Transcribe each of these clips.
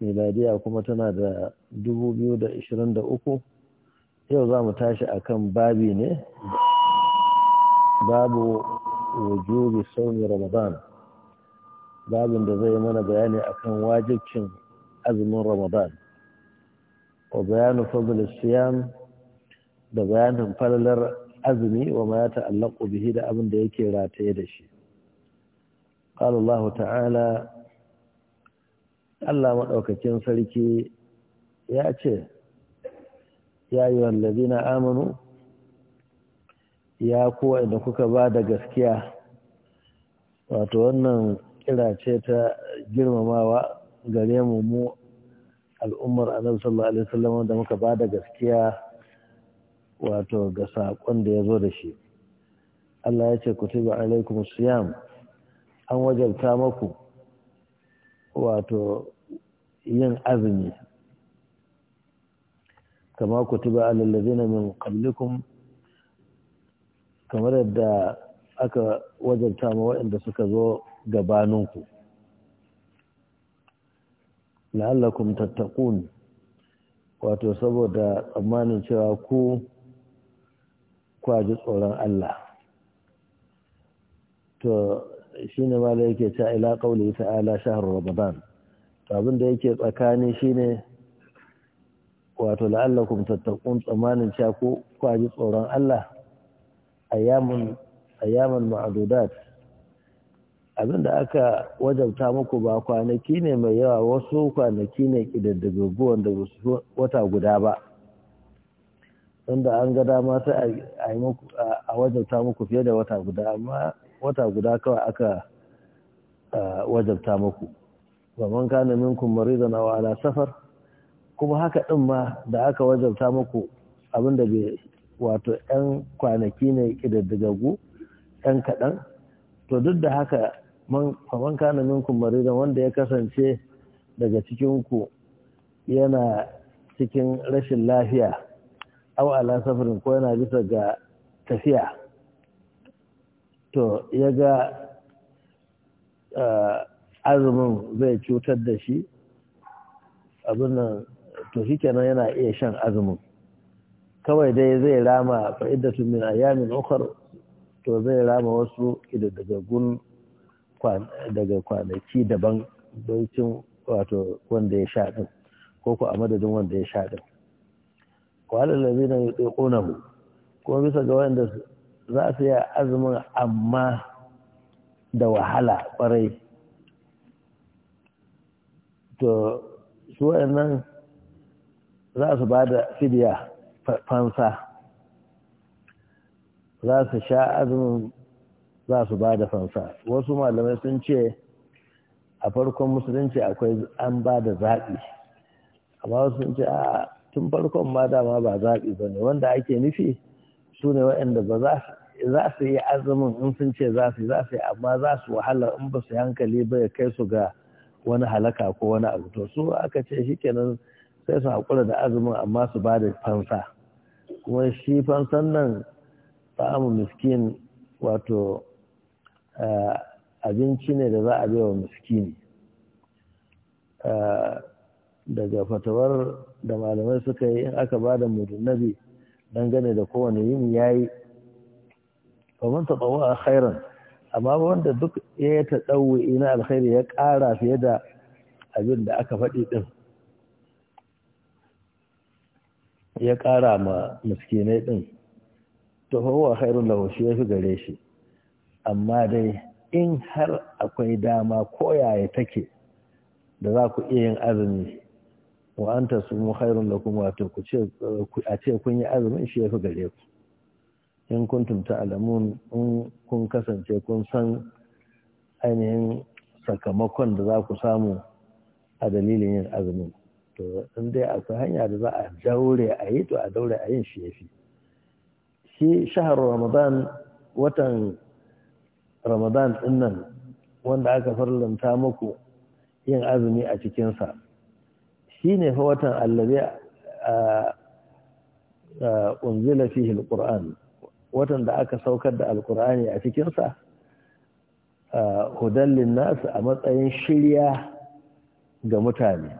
miladiya kuma tana da 2023 yau za mu tashi a kan babi ne babu wujubi sauni ramadan babin da zai mana bayani akan wajibcin azumin ramadan wa bayanu fadl siyam da bayanin falalar azumi wa ma ya ta'allaqu bihi da abin da yake rataye da shi qala Allah ta'ala Allah maɗaukakin sarki ya ce ya yi wallazi na aminu ya kuwa inda kuka ba da gaskiya wato wannan kira ce ta girmamawa gare mu mu al'ummar annabi sallallahu alaihi wasallam da muka ba da gaskiya wato ga saƙon da ya zo da shi Allah ya ce kutiba alaikum siyam an wajabta maku wato yin azumi kama kutuba alal na min qablikum kamar yadda aka wajabta ma waɗanda suka zo gabaninku la'allakum tattaqun wato saboda tsammanin cewa ku kwaji tsoron Allah to shine ma da yake ta ila qauli ala shahrur ramadan abin da yake tsakani shine wato la'allakum tattaqun tsamanin cewa ko kwa ji tsoron Allah ayyamun ayyaman ma'adudat abin da aka wajabta muku ba kwanaki ne mai yawa wasu kwanaki ne ƙididdigaggu wanda ba su wata guda ba inda an ga dama sai a wajabta muku fiye da wata guda amma wata guda kawai aka wajabta muku wa man kana minkum maridan aw ala safar kuma haka din ma da aka wajabta muku abinda bai wato ɗan kwanaki ne ƙididdigaggu ɗan kaɗan to duk da haka man kana minkum maridan wanda ya kasance daga cikinku yana cikin rashin lafiya aw ala safarin ko yana bisa ga tafiya to ya ga uh, azumin zai cutar da shi abin to shi kenan yana iya shan azumin kawai dai zai rama tun min ayamin ukar to zai rama wasu kididdigaggun daga kwanaki daban dokin wato wanda ya sha din ko ku a madadin wanda ya sha din qala ƙona mu ko bisa ga wanda za su yi azumin amma da wahala kwarai to su wayannan za su ba da fidiya fansa za su sha azumin za su ba da fansa wasu malamai sun ce a farkon musulunci akwai an ba da zaɓi amma wasu sun ce a tun farkon ma dama ba zaɓi ba ne wanda ake nufi su ne waɗanda ba za su yi azumin in sun ce za su yi za su yi amma za su wahala in ba su hankali ba ya kai su ga wani halaka ko wani abu to su aka ce shi kenan sai su haƙura da azumin amma su ba da fansa kuma shi fansan nan mu miskin wato eh, abinci ne da za a bai wa miskini eh, daga fatawar da malamai suka yi in aka ba da mudunabi dangane da kowane yin ya yi kamar taɓawa a khairan amma wanda duk ya ta tsawo ina alkhairi ya ƙara fiye da abin da aka faɗi ɗin ya ƙara ma miskinai ɗin to huwa khairun lahu shi fi gare shi amma dai in har akwai dama koyaye take da za ku iya yin azumi wa anta mu khairun lakum wato ku a ce kun yi azumin shi fi gare ku in kuntum ta'lamun in kun kasance kun san ainihin sakamakon da za ku samu a dalilin yin azumin to in dai akwai hanya da za a daure a yi to a daure a yin shi fi shi shahar ramadan watan ramadan din wanda aka farlanta muku yin azumi a cikinsa shi ne fa watan a unzila fihi alquran watan da aka saukar da alkur'ani a cikinsa hudan linnasu a matsayin shirya ga mutane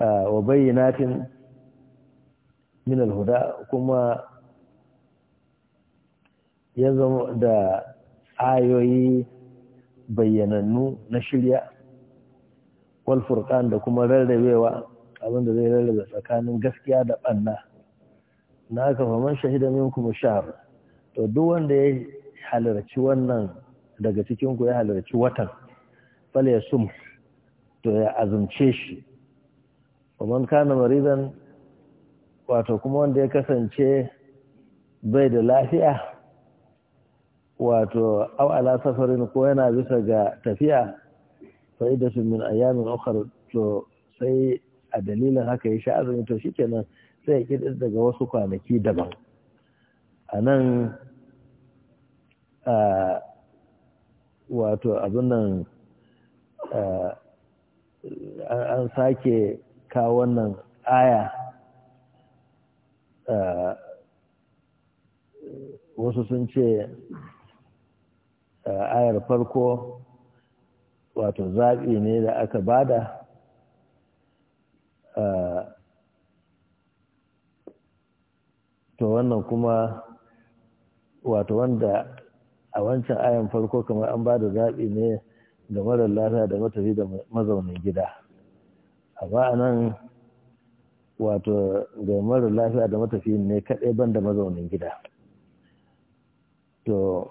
wa bayyanatin min alhuda kuma ya zama da ayoyi bayyanannu na shirya wal furqan da kuma rarrabewa abinda zai rarrabe tsakanin gaskiya da ɓanna. na aka faman shahida minkum to duk wanda ya halarci wannan daga cikin ku ya halarci watan ya sum to ya azumce shi faman kana maridan wato kuma wanda ya kasance bai da lafiya wato au ala safarin ko yana bisa ga tafiya fa'idatun min ayyamin ukhra to sai a dalilin haka ya sha azumi to shi shikenan sai ya daga wasu kwanaki daban a nan wato abin an sake kawo wannan aya wasu sun ce ayar farko wato zaɓi ne da aka bada to wannan kuma wato wanda a wancan ayan farko kamar an ba da zaɓi ne ga marar lafiya da matafi da mazaunin gida amma a nan wato ga marar lafiya da matafi ne kaɗai ban da mazaunin gida to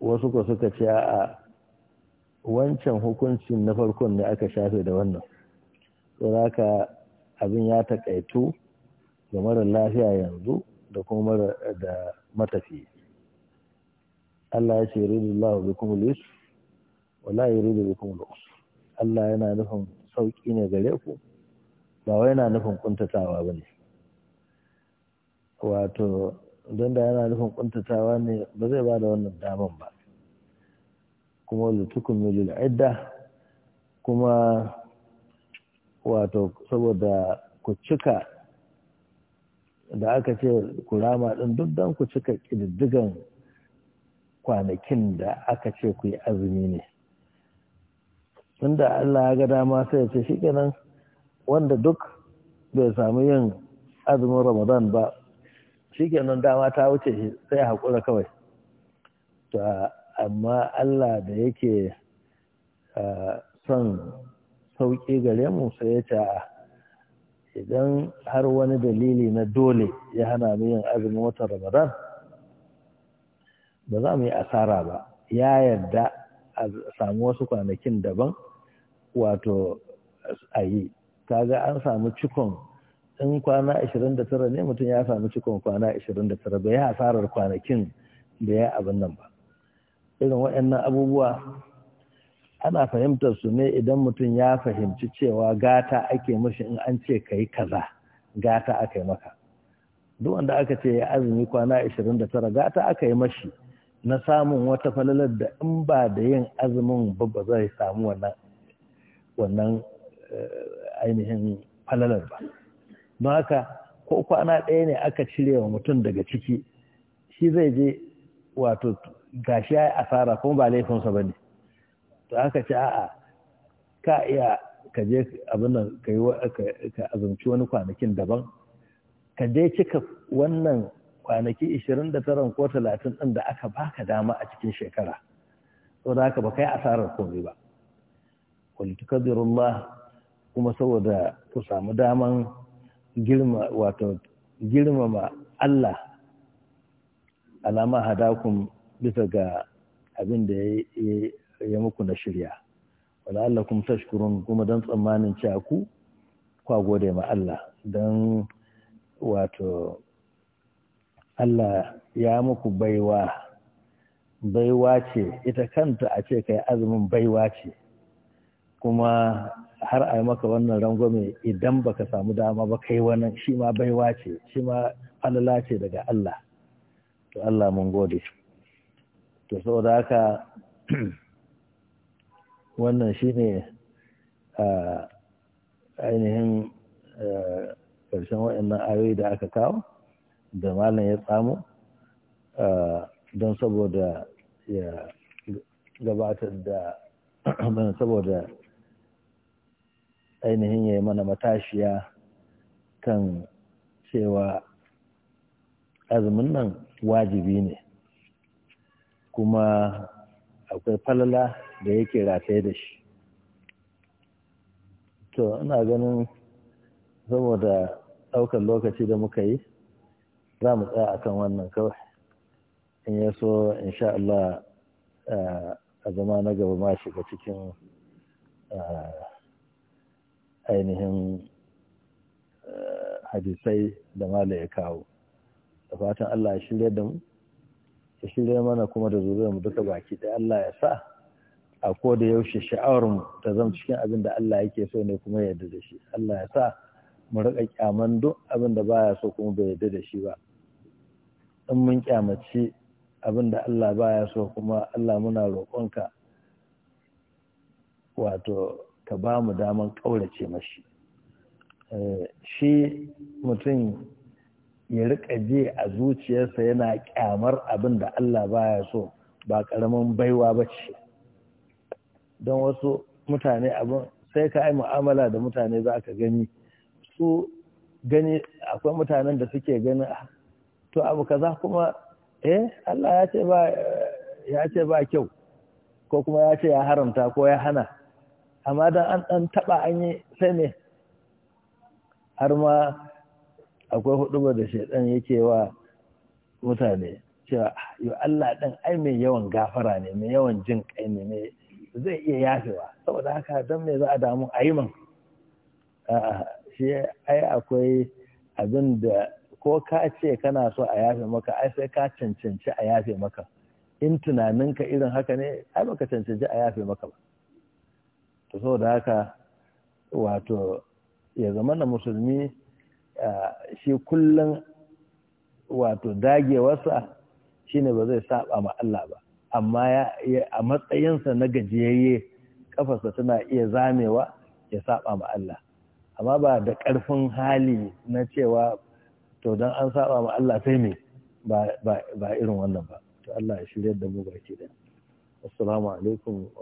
wasu ko suka ce a wancan hukuncin na farkon ne aka shafe da wannan saboda abin ya taƙaitu ga mara lafiya yanzu da kuma da matafi Allah ya ce yuridullahu bikum al-yusr wa la yuridu bikum kuma usr Allah yana nufin sauki ne gare ku ba wai yana nufin kuntatawa bane wato don da yana nufin kuntatawa ne ba zai ba da wannan daman ba kuma lutukum lil idda kuma wato saboda ku cika da aka ce ku rama ɗin duk don ku cika ƙididdigan kwanakin da aka ce ku yi azumi ne tunda Allah ya ga dama sai ya ce shi kenan wanda duk bai samu yin azumin ramadan ba shi kenan dama ta wuce shi sai ya haƙura kawai to amma Allah da yake son sauƙi gare mu sai ya ce ah, idan har wani dalili na dole ya hana mu yin azumin watan ramadan ba za mu yi asara ba ya yarda a samu wasu kwanakin daban wato a yi kaga an samu cikon in kwana 29 ne mutum ya samu cikon kwana 29 bai yi asarar kwanakin da ya abin nan ba irin waɗannan abubuwa ana fahimtar su ne idan mutum ya fahimci cewa gata ake mashi in an ce ka yi kaza gata aka yi maka duk wanda aka ce ya azumi kwana 29 gata aka yi mashi na samun wata falalar da in ba da yin azumin ba zai samu wannan wannan eh, ainihin falalar ba don haka ko kwana ɗaya ne aka cire wa mutum daga ciki shi zai je wato gashi ya yi asara kuma ba laifinsa ba ne to aka ce a'a ka iya ka je abin nan ka yi ka azumci wani kwanakin daban ka je cika wannan kwanaki 29 ko 30 ɗin da aka baka dama a cikin shekara saboda haka ba kai asarar komai ba kultukabirullah kuma saboda ku samu daman girma wato girmama Allah alama hadakun bisa ga abin da ya ya muku na shirya wala Allah kuma tashkurun kuma don tsammanin cewa ku kwa gode ma Allah don wato Allah ya muku baiwa baiwa ce ita kanta a ce kai azumin baiwa ce kuma har a yi maka wannan rangwame idan baka samu dama ba kai wannan shi ma baiwa ce shi ma alala ce daga Allah to Allah mun gode to saboda haka wannan shi ne ainihin ƙarshen waɗannan ayoyi da aka kawo da malam ya tsamo don saboda ya gabatar da saboda ainihin ya yi mana matashiya kan cewa azumin nan wajibi ne kuma akwai falala da yake rataye da shi to ina ganin saboda ɗaukar lokaci da muka yi za mu tsaya akan wannan kawai in ya so insha Allah eh, a zama na gaba ma shiga cikin eh, ainihin eh, hadisai da mala ya kawo da fatan Allah ya shirya da mu ya shirya mana kuma da zuriyar mu duka baki da Allah ya sa a ko da yaushe sha'awar mu ta zama cikin abin da Allah yake so ne kuma ya yarda da shi Allah ya sa mu riƙa kyaman duk abin da baya so kuma bai yarda da shi ba in mun kyamaci abin da Allah baya so kuma Allah muna roƙonka wato ka ba mu daman ƙaurace mashi eh, shi mutum ya rika je a zuciyarsa yana kyamar abin da Allah baya so ba karamin baiwa ba ce don wasu mutane abin sai ka yi mu'amala da mutane za ka gani su gani akwai mutanen da suke gani ah, to abu kaza kuma eh Allah ya ce ba kyau ko kuma ya ce ya haramta ko ya hana amma dan an dan taba an yi sai ne har ma akwai ba da shaidan yake wa mutane cewa ah, yi Allah ɗin ai mai yawan gafara ne mai yawan jin kai ne mai zai iya yafewa saboda haka don me za a damu a yi man shi ai akwai abin da ko ka ce kana so a yafe maka ai sai ka cancanci a yafe maka in tunaninka irin haka ne ai baka cancanci a yafe maka ba to saboda haka wato ya zama na musulmi shi kullum wato dagewarsa ne ba zai saba ma Allah ba amma a matsayinsa na gajiyayye kafarsa tana iya zamewa ya saba ma Allah amma ba da ƙarfin hali na cewa to don an saba ma Allah sai ne ba irin wannan ba to Allah ya shirya da mu baki da assalamu alaikum